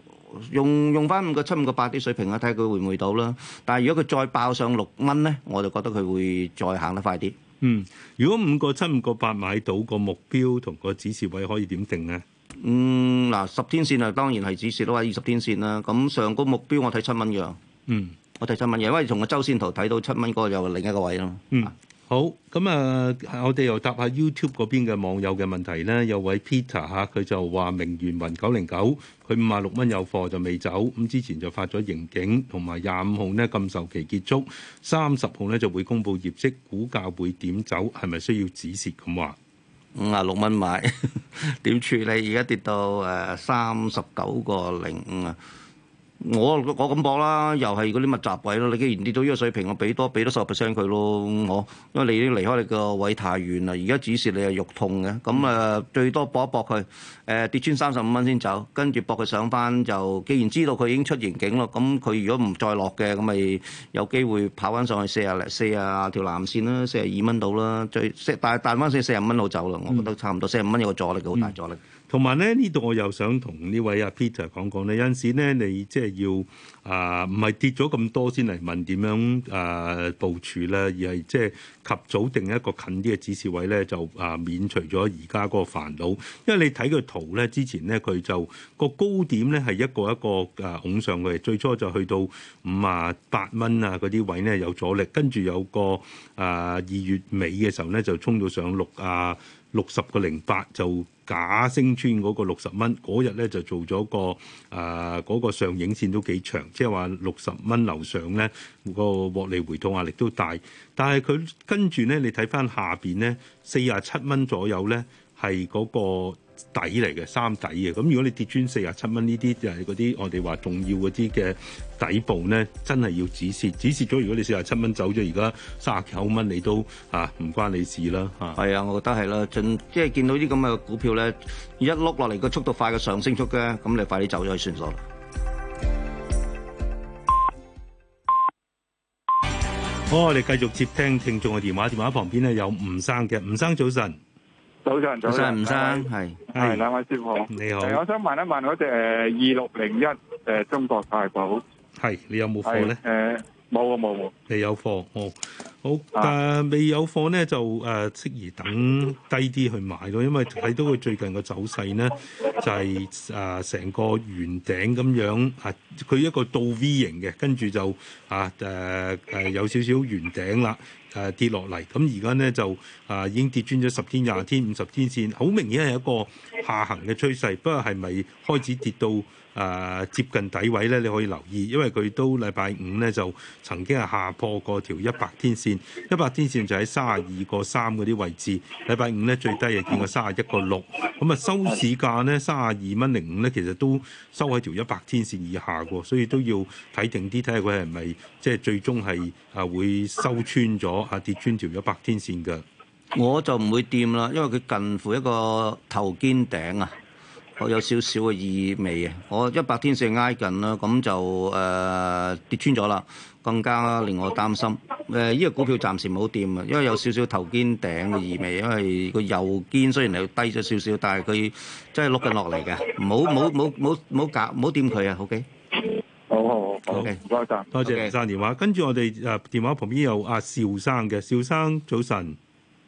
用用翻五個七五個八啲水平啦，睇下佢會唔會到啦。但係如果佢再爆上六蚊咧，我就覺得佢會再行得快啲。嗯，如果五個七五個八買到個目標同個指示位可以點定咧？嗯，嗱、啊，十天線啊，當然係指示啦，二十天線啦，咁上個目標我睇七蚊樣。嗯，我睇七蚊樣，因為從個周線圖睇到七蚊嗰個又另一個位咯。嗯。好咁啊，嗯！我哋又答下 YouTube 嗰邊嘅網友嘅問題呢，有位 Peter 嚇，佢就話：明源雲九零九佢五啊六蚊有貨就未走，咁之前就發咗盈警，同埋廿五號呢，禁售期結束，三十號呢就會公布業績，股價會點走，係咪需要止蝕咁話五啊六蚊買點處理？而家跌到誒三十九個零五啊？我我咁搏啦，又係嗰啲密集位咯。你既然跌到呢個水平，我俾多俾多十 percent 佢咯，我因為你已經離開你個位太遠啦。而家只是你係肉痛嘅，咁啊、呃、最多搏一搏佢，誒、呃、跌穿三十五蚊先走，跟住搏佢上翻就，既然知道佢已經出現警咯，咁佢如果唔再落嘅，咁咪有機會跑翻上去四啊四啊條藍線啦，四啊二蚊到啦，最但但彈翻四四啊五蚊度走啦，我覺得差唔多四十五蚊有個阻力，好大阻力。嗯同埋咧，呢度我又想同呢位阿 Peter 講講咧，有陣時咧，你即係要啊，唔、呃、係跌咗咁多先嚟問點樣啊、呃、部署咧，而係即係及早定一個近啲嘅指示位咧，就啊免除咗而家嗰個煩惱。因為你睇個圖咧，之前咧佢就個高點咧係一個一個啊拱上去，最初就去到五啊八蚊啊嗰啲位咧有阻力，跟住有個啊二月尾嘅時候咧就衝到上六啊。六十個零八，就假升穿嗰個六十蚊嗰日咧，就做咗個誒嗰、呃嗰個上影線都幾長，即係話六十蚊樓上咧、嗰個獲利回吐壓力都大，但係佢跟住咧，你睇翻下邊咧，四十七蚊左右咧係嗰個。底嚟嘅，三底嘅。咁如果你跌穿四十七蚊呢啲，就係嗰啲我哋話重要嗰啲嘅底部咧，真係要止蝕。止蝕咗，如果你四十七蚊走咗，而家卅九蚊，你都嚇唔、啊、關你事啦嚇。係啊，我覺得係啦。盡即係見到啲咁嘅股票咧，一碌落嚟個速度快嘅上升速嘅，咁你快啲走咗去算數。好，我哋繼續接聽聽眾嘅電話。電話旁邊咧有吳生嘅，吳生早晨。早上，早晨，吳生係係，兩位師傅你好。誒，我想問一問嗰隻誒二六零一誒中國太保，係你有冇貨咧？冇啊冇冇未有貨哦，好但、呃、未有貨咧就誒、呃、適宜等低啲去買咯，因為睇到佢最近走勢呢、就是呃、個走勢咧就係誒成個圓頂咁樣啊，佢一個倒 V 型嘅，跟住就啊誒誒、啊、有少少圓頂啦誒跌落嚟，咁而家咧就啊已經跌穿咗十天、廿天、五十天線，好明顯係一個下行嘅趨勢，不過係咪開始跌到誒、呃、接近底位咧，你可以留意，因為佢都禮拜五咧就曾經係下破過條一百天線，一百天線就喺三十二個三嗰啲位置。禮拜五咧最低係見過三十一個六，咁啊收市價呢，三十二蚊零五咧，其實都收喺條一百天線以下嘅，所以都要睇定啲，睇下佢係咪即係最終係啊會收穿咗啊跌穿條一百天線嘅。我就唔會掂啦，因為佢近乎一個頭肩頂啊。有少少嘅意味啊！我一百天線挨近啦，咁就誒跌穿咗啦，更加令我擔心。誒呢個股票暫時冇掂啊，因為有少少頭肩頂嘅意味，因為個右肩雖然嚟低咗少少，但係佢真係碌緊落嚟嘅。唔好唔好唔好唔好唔好搞唔好掂佢啊！OK。好，好，好，唔該曬，多謝唔該曬電話。跟住我哋誒電話旁邊有阿邵生嘅，邵生早晨，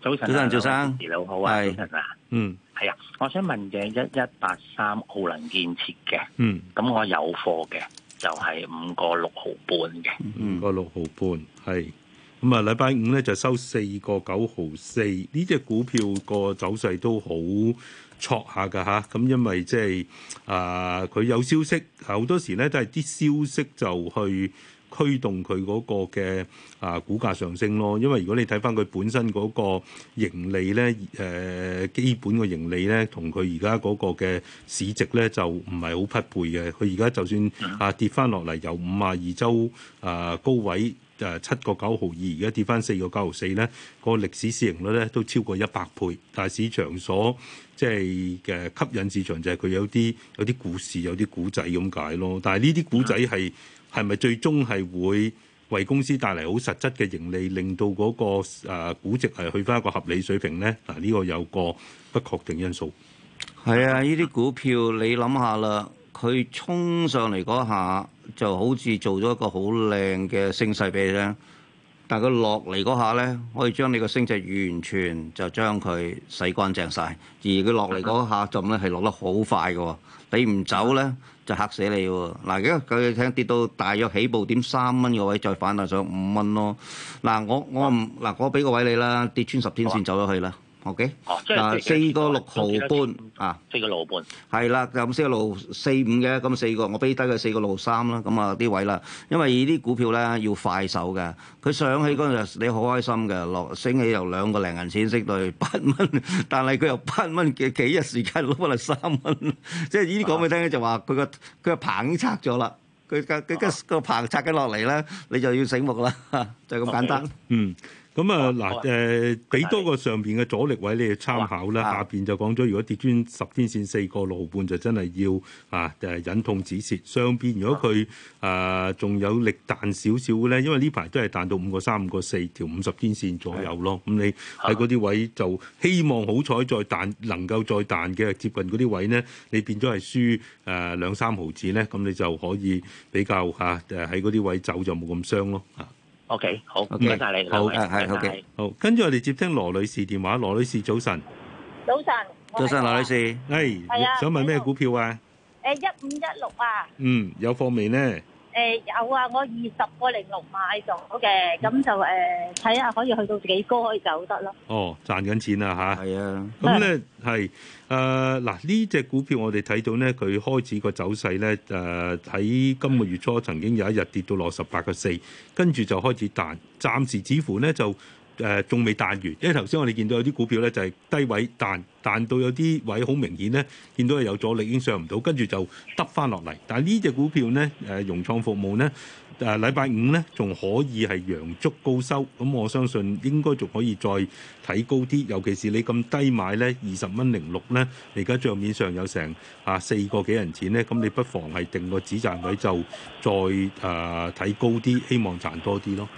早晨，早晨，邵生，你好，好啊，早晨啊，嗯。係啊，我想問嘅一一八三奧能建設嘅，嗯，咁我有貨嘅就係五個六毫半嘅，五個六毫半，係咁啊！禮拜五咧就收四個九毫四，呢隻股票個走勢都好挫下㗎吓，咁因為即係啊，佢、呃、有消息，好多時咧都係啲消息就去。推動佢嗰個嘅啊股價上升咯，因為如果你睇翻佢本身嗰個盈利咧，誒、呃、基本嘅盈利咧，同佢而家嗰個嘅市值咧就唔係好匹配嘅。佢而家就算啊跌翻落嚟由五啊二周啊高位誒七個九毫二，而家跌翻四個九毫四咧，個歷史市盈率咧都超過一百倍，但係市場所即係嘅吸引市場就係佢有啲有啲故事、有啲古仔咁解咯。但係呢啲古仔係。係咪最終係會為公司帶嚟好實質嘅盈利，令到嗰、嗰個、呃、估值係去翻一個合理水平咧？嗱，呢個有個不確定因素。係啊，呢啲股票你諗下啦，佢衝上嚟嗰下就好似做咗一個好靚嘅升勢俾你咧，但係佢落嚟嗰下咧，可以將你個升值完全就將佢洗乾淨晒。而佢落嚟嗰下浸咧係落得好快㗎，你唔走咧？就嚇死你喎！嗱，而家講你聽，跌到大約起步點三蚊嘅位，再反彈上五蚊咯。嗱、啊，我我唔嗱，我俾、啊、個位你啦，跌穿十天線走咗去啦。O K，嗱四個六毫半啊，四個六毫半，係啦咁四個六四五嘅咁四個，我俾低佢四個六三啦，咁啊啲位啦，因為呢啲股票咧要快手嘅，佢上去嗰陣時你好開心嘅，落升起由兩個零銀錢升到去八蚊，但係佢由八蚊嘅幾日時間攞翻嚟三蚊，即係呢啲講俾你聽咧就話佢個佢個棚拆咗啦，佢架佢架個棚拆緊落嚟咧，你就要醒目啦，就係咁簡單，嗯。咁、嗯、啊嗱，誒俾多個上邊嘅阻力位你去參考啦。啊、下邊就講咗，如果跌穿十天線四個六毫半就真係要啊誒、啊、忍痛止蝕。上邊如果佢誒仲有力彈少少咧，因為呢排都係彈到五個三五個四條五十天線左右咯。咁、啊、你喺嗰啲位就希望好彩再彈，能夠再彈嘅接近嗰啲位咧，你變咗係輸誒、啊、兩三毫子咧，咁你就可以比較嚇誒喺嗰啲位走就冇咁傷咯，嚇、啊。O K，好，唔該晒你，好嘅，係 O K，好，跟住我哋接聽羅女士電話，羅女士早晨，早晨，早晨羅女士，係，你想問咩股票啊？誒，一五一六啊，嗯，有貨未咧？誒，有啊，我二十個零六買咗嘅，咁就誒睇下可以去到幾高可以走得咯。哦，賺緊錢啦吓，係啊，咁咧係。啊！嗱、呃，呢隻股票我哋睇到呢佢開始個走勢呢，誒、呃、喺今個月初曾經有一日跌到落十八個四，跟住就開始彈，暫時似乎呢就。誒仲未彈完，因為頭先我哋見到有啲股票咧，就係、是、低位彈彈到有啲位好明顯咧，見到係有阻力已經上唔到，跟住就得翻落嚟。但係呢隻股票咧，誒、呃、融創服務咧，誒禮拜五咧仲可以係陽燭高收，咁我相信應該仲可以再睇高啲，尤其是你咁低買咧，二十蚊零六咧，而家帳面上有成啊四個幾銀錢咧，咁你不妨係定個止賺位就再誒睇、呃、高啲，希望賺多啲咯。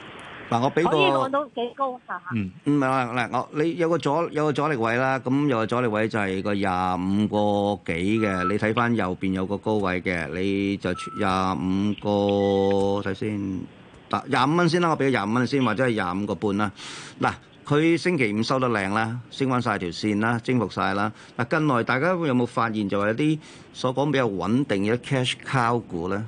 嗱、嗯，我俾個可以望到幾高下。嗯，唔係啦，嗱，我你有個阻有個阻力位啦，咁有個阻力位就係個廿五個幾嘅。你睇翻右邊有個高位嘅，你就廿五個睇先。廿廿五蚊先啦，我俾廿五蚊先，或者係廿五個半啦。嗱、啊，佢星期五收得靚啦，升翻晒條線啦，征服晒啦。嗱、啊，近來大家有冇發現就係有啲所講比較穩定嘅 cash cow 股咧？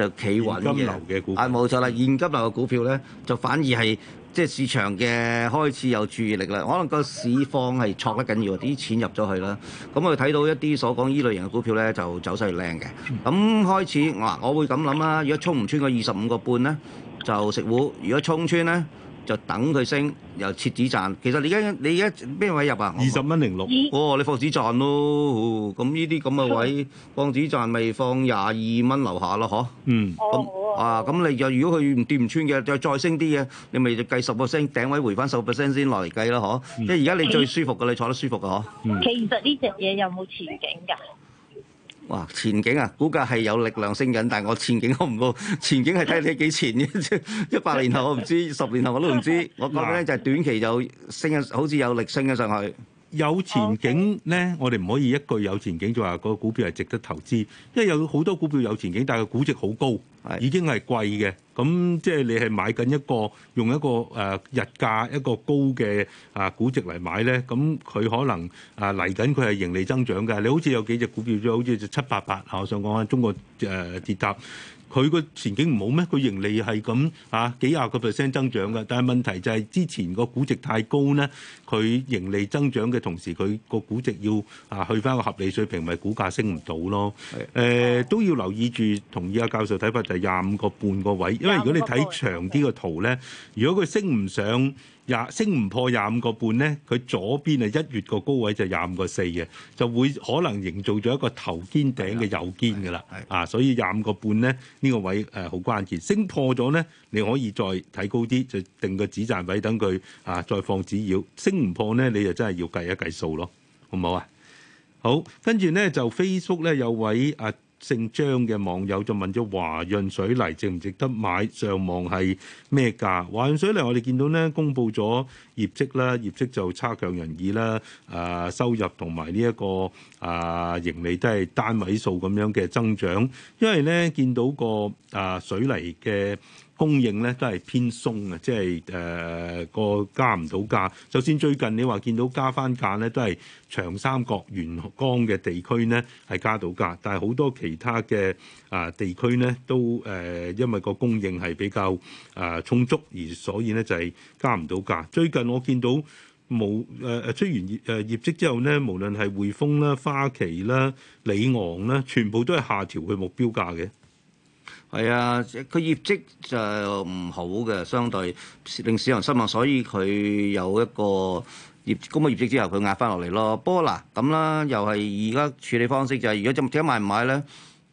就企穩嘅。啊，冇錯啦，現金流嘅股票咧，就反而係即係市場嘅開始有注意力啦。可能個市況係錯得緊要，啲錢入咗去啦。咁我睇到一啲所講依類型嘅股票咧，就走勢靚嘅。咁開始我我會咁諗啦，如果衝唔穿個二十五個半咧，就食糊；如果衝穿咧，就等佢升，又設止賺。其實你而家你而家邊位入啊？二十蚊零六。哦，你放止賺咯。咁呢啲咁嘅位 放止賺咪放廿二蚊樓下咯，嗬。嗯。嗯 oh, 啊，咁、oh, 嗯、你就，如果佢唔掂唔穿嘅，就再升啲嘅，你咪就計十個 percent 頂位回翻十個 percent 先落嚟計咯，嗬、嗯。即係而家你最舒服嘅，你坐得舒服嘅嗬。嗯、其實呢隻嘢有冇前景㗎？哇！前景啊，估計係有力量升緊，但係我前景好唔好？前景係睇你幾前嘅，一百年後我唔知，十年後我都唔知。我覺得咧就係、短期就升啊，好似有力升咗上去。有前景咧，Okay. 我哋唔可以一句有前景就話嗰個股票係值得投資，因為有好多股票有前景，但係個估值好高，已經係貴嘅。咁即係你係買緊一個用一個誒、呃、日價一個高嘅啊、呃、估值嚟買咧，咁佢可能啊嚟緊佢係盈利增長㗎。你好似有幾隻股票，好似就七八八啊，我想講啊，中國誒、呃、跌踏。佢個前景唔好咩？佢盈利係咁啊幾廿個 percent 增長嘅，但係問題就係、是、之前個估值太高咧，佢盈利增長嘅同時，佢個估值要啊去返個合理水平，咪、就是、股價升唔到咯。誒的、呃、都要留意住，同意阿教授睇法就係廿五個半個位，因為如果你睇長啲個圖咧，如果佢升唔上。廿升唔破廿五個半咧，佢左邊係一月個高位就廿五個四嘅，就會可能營造咗一個頭肩頂嘅右肩噶啦。啊，所以廿五個半咧呢個位誒好關鍵，升破咗咧你可以再睇高啲，就定個止賺位等佢啊再放止腰。升唔破咧，你就真係要計一計數咯，好唔好啊？好，跟住咧就 Facebook 咧有位阿。啊姓張嘅網友就問咗華潤水泥值唔值得買？上網係咩價？華潤水泥我哋見到呢，公布咗業績啦，業績就差強人意啦。啊，收入同埋呢一個啊盈利都係單位數咁樣嘅增長，因為呢，見到個啊水泥嘅，供應咧都係偏鬆嘅，即係誒個加唔到價。首先最近你話見到加返價咧，都係長三角、沿江嘅地區咧係加到價，但係好多其他嘅啊、呃、地區咧都誒、呃，因為個供應係比較啊、呃、充足，而所以咧就係加唔到價。最近我見到冇誒誒出完業誒、呃、業績之後咧，無論係匯豐啦、花旗啦、里昂啦，全部都係下調去目標價嘅。係啊，佢業績就唔好嘅，相對令市場失望，所以佢有一個業高嘅業績之後，佢壓翻落嚟咯。不過嗱咁啦，又係而家處理方式就係、是、如果就睇買唔買咧，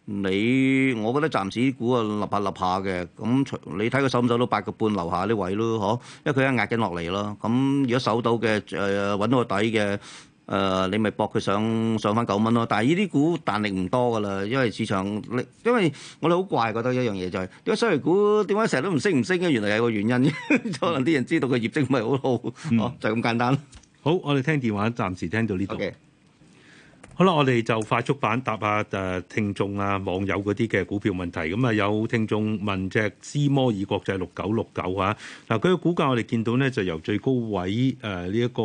你我覺得暫時估啊立下立下嘅咁，你睇佢守唔守到八個半樓下啲位咯，嗬，因為佢而家壓緊落嚟咯。咁如果守到嘅誒，揾到個底嘅。誒、呃，你咪搏佢上上翻九蚊咯，但係呢啲股彈力唔多㗎啦，因為市場力，因為我哋好怪覺得怪一樣嘢就係、是，點解收市股點解成日都唔升唔升嘅？原來有個原因，可能啲人知道佢業績唔係好好，嗯啊、就係、是、咁簡單。好，我哋聽電話，暫時聽到呢度。Okay. 好啦，我哋就快速版答下誒聽眾啊、網友嗰啲嘅股票問題。咁、嗯、啊，有聽眾問隻思摩爾國際六九六九啊，嗱，佢嘅股價我哋見到咧，就由最高位誒呢一個、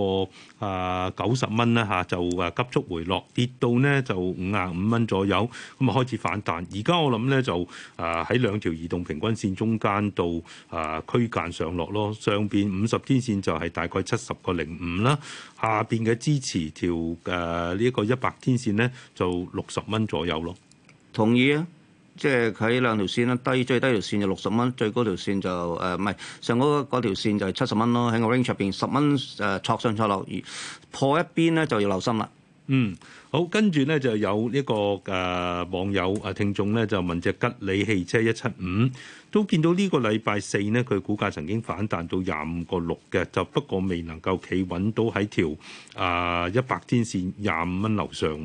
呃、啊九十蚊啦嚇，就誒急速回落，跌到呢就五啊五蚊左右，咁、嗯、啊開始反彈。而家我諗咧就啊喺、呃、兩條移動平均線中間到啊、呃、區間上落咯，上邊五十天線就係大概七十個零五啦，下邊嘅支持條誒呢一個一百天線咧就六十蚊左右咯，同意啊！即係佢兩條線啦，低最低條線就六十蚊，最高條線就誒，唔係上嗰個嗰條線就係七十蚊咯，喺個 range 入邊十蚊誒挫上挫落，而破一邊咧就要留心啦。嗯。好，跟住咧就有一個誒網友啊聽眾咧就問隻吉利汽車一七五都見到呢個禮拜四呢，佢股價曾經反彈到廿五個六嘅，就不過未能夠企穩到喺條啊一百天線廿五蚊樓上。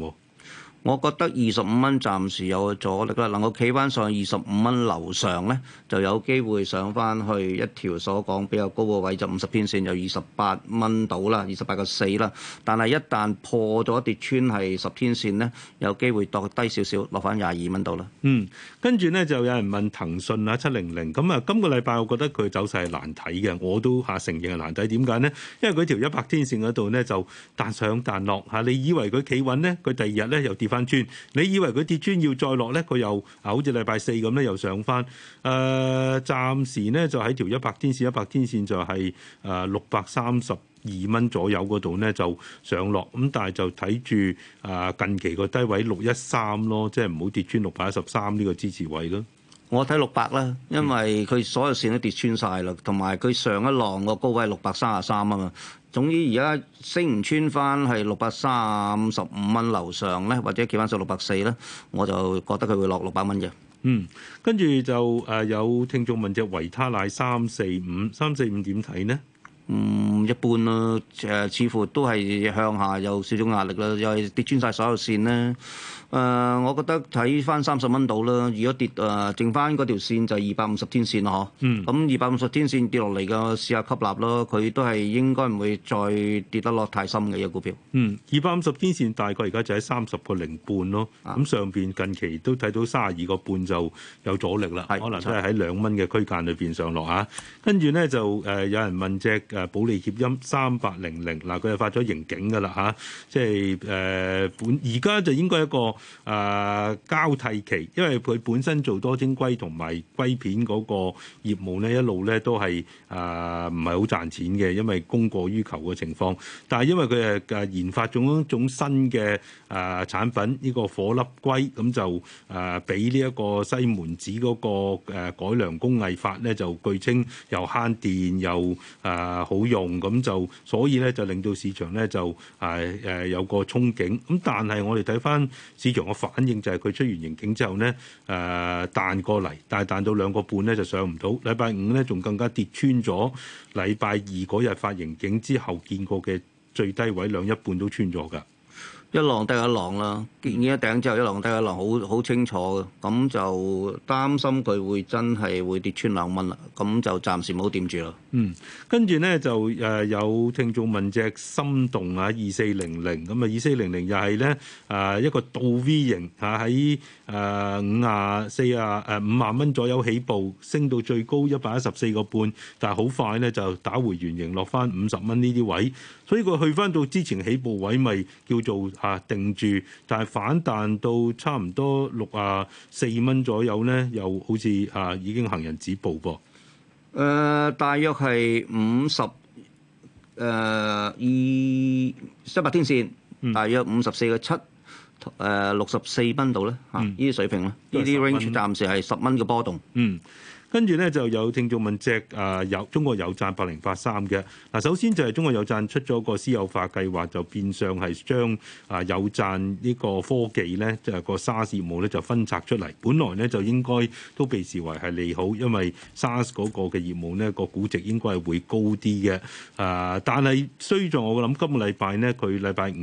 我覺得二十五蚊暫時有阻力啦。能夠企翻上二十五蚊樓上咧，就有機會上翻去一條所講比較高嘅位，就五十天線就二十八蚊到啦，二十八個四啦。但係一旦破咗一跌穿係十天線咧，有機會度低少少，落翻廿二蚊到啦。嗯，跟住咧就有人問騰訊啊七零零咁啊，000，今個禮拜我覺得佢走勢係難睇嘅，我都下承認係難睇。點解咧？因為佢條一百天線嗰度咧就彈上彈落嚇，你以為佢企穩咧，佢第二日咧又跌翻。跌穿，你以為佢跌穿要再落咧？佢又啊，好似禮拜四咁咧，又上翻。誒、呃，暫時咧就喺條一百天線、一百天線就係誒六百三十二蚊左右嗰度咧，就上落。咁但係就睇住誒近期個低位六一三咯，即係唔好跌穿六百一十三呢個支持位咯。我睇六百啦，因為佢所有線都跌穿晒啦，同埋佢上一浪個高位係六百三十三啊嘛。總之而家升唔穿翻係六百三十五蚊樓上咧，或者企翻上六百四咧，我就覺得佢會落六百蚊嘅。嗯，跟住就誒有聽眾問隻維他奶三四五三四五點睇呢？嗯，一般咯，誒、呃，似乎都係向下有少少壓力啦，又係跌穿晒所有線咧。誒、呃，我覺得睇翻三十蚊度啦，如果跌誒、呃，剩翻嗰條線就係二百五十天線咯，嗬。嗯。咁二百五十天線跌落嚟嘅，試下吸納咯，佢都係應該唔會再跌得落太深嘅一隻股票。嗯，二百五十天線大概而家就喺三十個零半咯。咁上邊近期都睇到卅二個半就有阻力啦，是可能都係喺兩蚊嘅區間裏邊上落嚇、啊。跟住咧就誒、呃，有人問隻。誒保利協鑫三八零零嗱，佢係發咗盈警㗎喇吓，即係誒、呃、本而家就應該一個誒、呃、交替期，因為佢本身做多晶硅同埋硅片嗰個業務咧，一路咧、呃、都係誒唔係好賺錢嘅，因為供過於求嘅情況。但係因為佢誒誒研發種一種新嘅誒、呃、產品，呢個顆粒硅，咁、嗯、就誒俾呢一個西門子嗰、那個、呃、改良工藝法咧，就據稱又慳電又誒。呃呃好用咁就，所以咧就令到市場咧就誒誒有個憧憬。咁但係我哋睇返市場嘅反應，就係佢出完盈警之後咧，誒、呃、彈過嚟，但係彈到兩個半咧就上唔到。禮拜五咧仲更加跌穿咗禮拜二嗰日發盈警之後見過嘅最低位兩一半都穿咗㗎。一浪低一浪啦，見完一頂之後一浪低一浪，好好清楚嘅，咁就擔心佢會真係會跌穿兩蚊啦，咁就暫時冇掂住咯。嗯，跟住咧就誒有聽眾問隻心動啊，二四零零咁啊，二四零零又係咧誒一個倒 V 型嚇喺誒五啊四啊誒五萬蚊左右起步，升到最高一百一十四個半，但係好快咧就打回原形，落翻五十蚊呢啲位，所以佢去翻到之前起步位咪叫做。啊！定住，但係反彈到差唔多六啊四蚊左右咧，又好似啊已經行人止步噃。誒、呃，大約係五十誒、呃、二七八天線，嗯、大約五十四個七誒六十四蚊度咧，嚇呢啲水平咧，呢啲 range 暫時係十蚊嘅波動。嗯。跟住咧就有聽眾問隻啊有中國有贊八零八三嘅嗱，首先就係中國有贊出咗個私有化計劃，就變相係將啊有贊呢個科技咧即係個 SaaS 業務咧、就是、就分拆出嚟。本來咧就應該都被視為係利好，因為 SaaS 嗰個嘅業務咧個估值應該係會高啲嘅。啊，但係衰在我嘅諗，今個禮拜呢，佢禮拜五、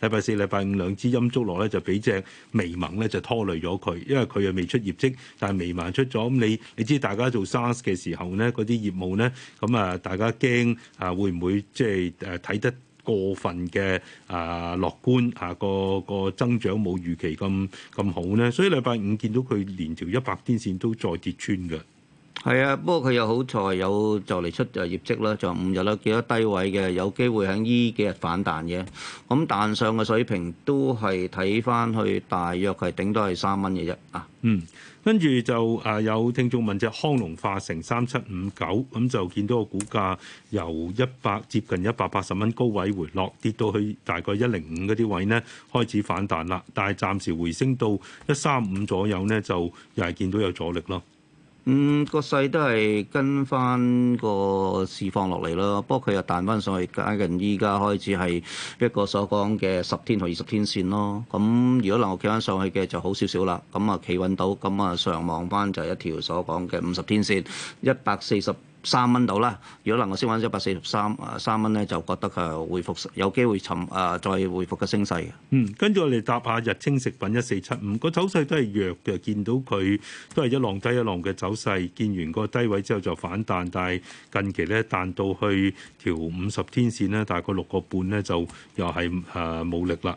禮拜四、禮拜五兩支陰燭落咧就俾隻微盟咧就拖累咗佢，因為佢又未出業績，但係微盟出咗咁你你知。大家做 SAAS 嘅時候咧，嗰啲業務咧，咁啊，大家驚啊，會唔會即係誒睇得過分嘅啊樂觀啊？個個增長冇預期咁咁好咧，所以禮拜五見到佢連條一百天線都再跌穿嘅。係啊，不過佢又好彩有就嚟出業績啦，就五日啦，幾多低位嘅有機會喺呢幾日反彈嘅。咁彈上嘅水平都係睇翻去大約係頂多係三蚊嘅啫啊。嗯。跟住就啊有聽眾問隻，康龍化成三七五九，咁就見到個股價由一百接近一百八十蚊高位回落，跌到去大概一零五嗰啲位呢，開始反彈啦，但係暫時回升到一三五左右呢，就又係見到有阻力咯。嗯，個勢都係跟翻個市況落嚟咯，不過佢又彈翻上去，加緊依家開始係一個所講嘅十天同二十天線咯。咁如果能夠企翻上去嘅就好少少啦。咁啊企穩到，咁啊上望翻就係一條所講嘅五十天線，一百四十。三蚊到啦，如果能夠升翻一百四十三啊三蚊咧，就覺得誒回復有機會尋誒再回復嘅升勢。嗯，跟住我哋答下日清食品一四七五，個走勢都係弱嘅，見到佢都係一浪低一浪嘅走勢，見完個低位之後就反彈，但係近期咧彈到去條五十天線咧，大概六個半咧就又係誒冇力啦。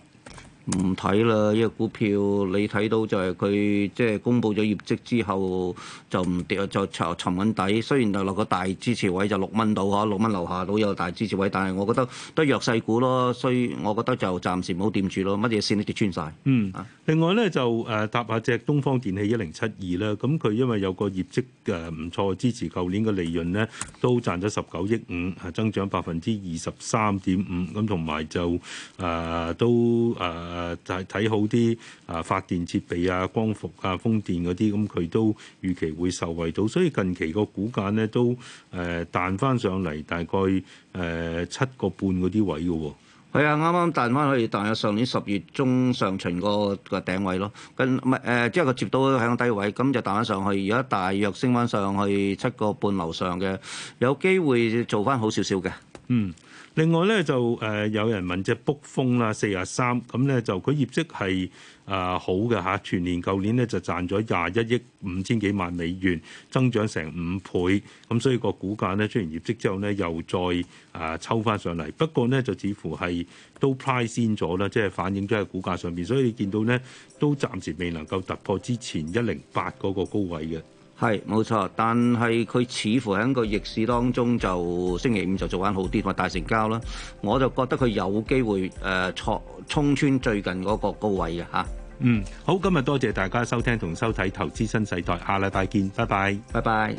唔睇啦，呢、這個股票你睇到就係佢即係公布咗業績之後就唔跌就沉沉底。雖然就落個大支持位就六蚊到嚇，六蚊樓下到有大支持位，但係我覺得都係弱勢股咯，所以我覺得就暫時唔好掂住咯。乜嘢線都跌穿曬。嗯，啊、另外呢，就誒搭下隻東方電器一零七二啦。咁佢因為有個業績誒唔錯，支持舊年嘅利潤呢都賺咗十九億五，係增長百分之二十三點五。咁同埋就誒、呃、都誒。呃誒就係睇好啲誒發電設備啊、光伏啊、風電嗰啲，咁佢都預期會受惠到，所以近期個股價咧都誒、呃、彈翻上嚟，大概誒、呃、七個半嗰啲位嘅喎。係啊，啱啱彈翻去，彈咗上年十月中上旬個個頂位咯。跟唔係誒，即係佢接到向低位，咁就彈翻上去，而家大約升翻上去七個半樓上嘅，有機會做翻好少少嘅。嗯。另外咧就誒有人問隻卜蜂啦四十三咁咧就佢業績係啊好嘅嚇全年舊年咧就賺咗廿一億五千幾萬美元增長成五倍咁所以個股價咧出完業績之後咧又再啊抽翻上嚟不過咧就似乎係都 price 先咗啦即係反映咗喺股價上邊所以你見到咧都暫時未能夠突破之前一零八嗰個高位嘅。係冇錯，但係佢似乎喺個逆市當中就星期五就做翻好啲，同埋大成交啦。我就覺得佢有機會誒衝衝穿最近嗰個高位嘅嚇。啊、嗯，好，今日多謝大家收聽同收睇《投資新世代》，下禮拜見，拜拜，拜拜。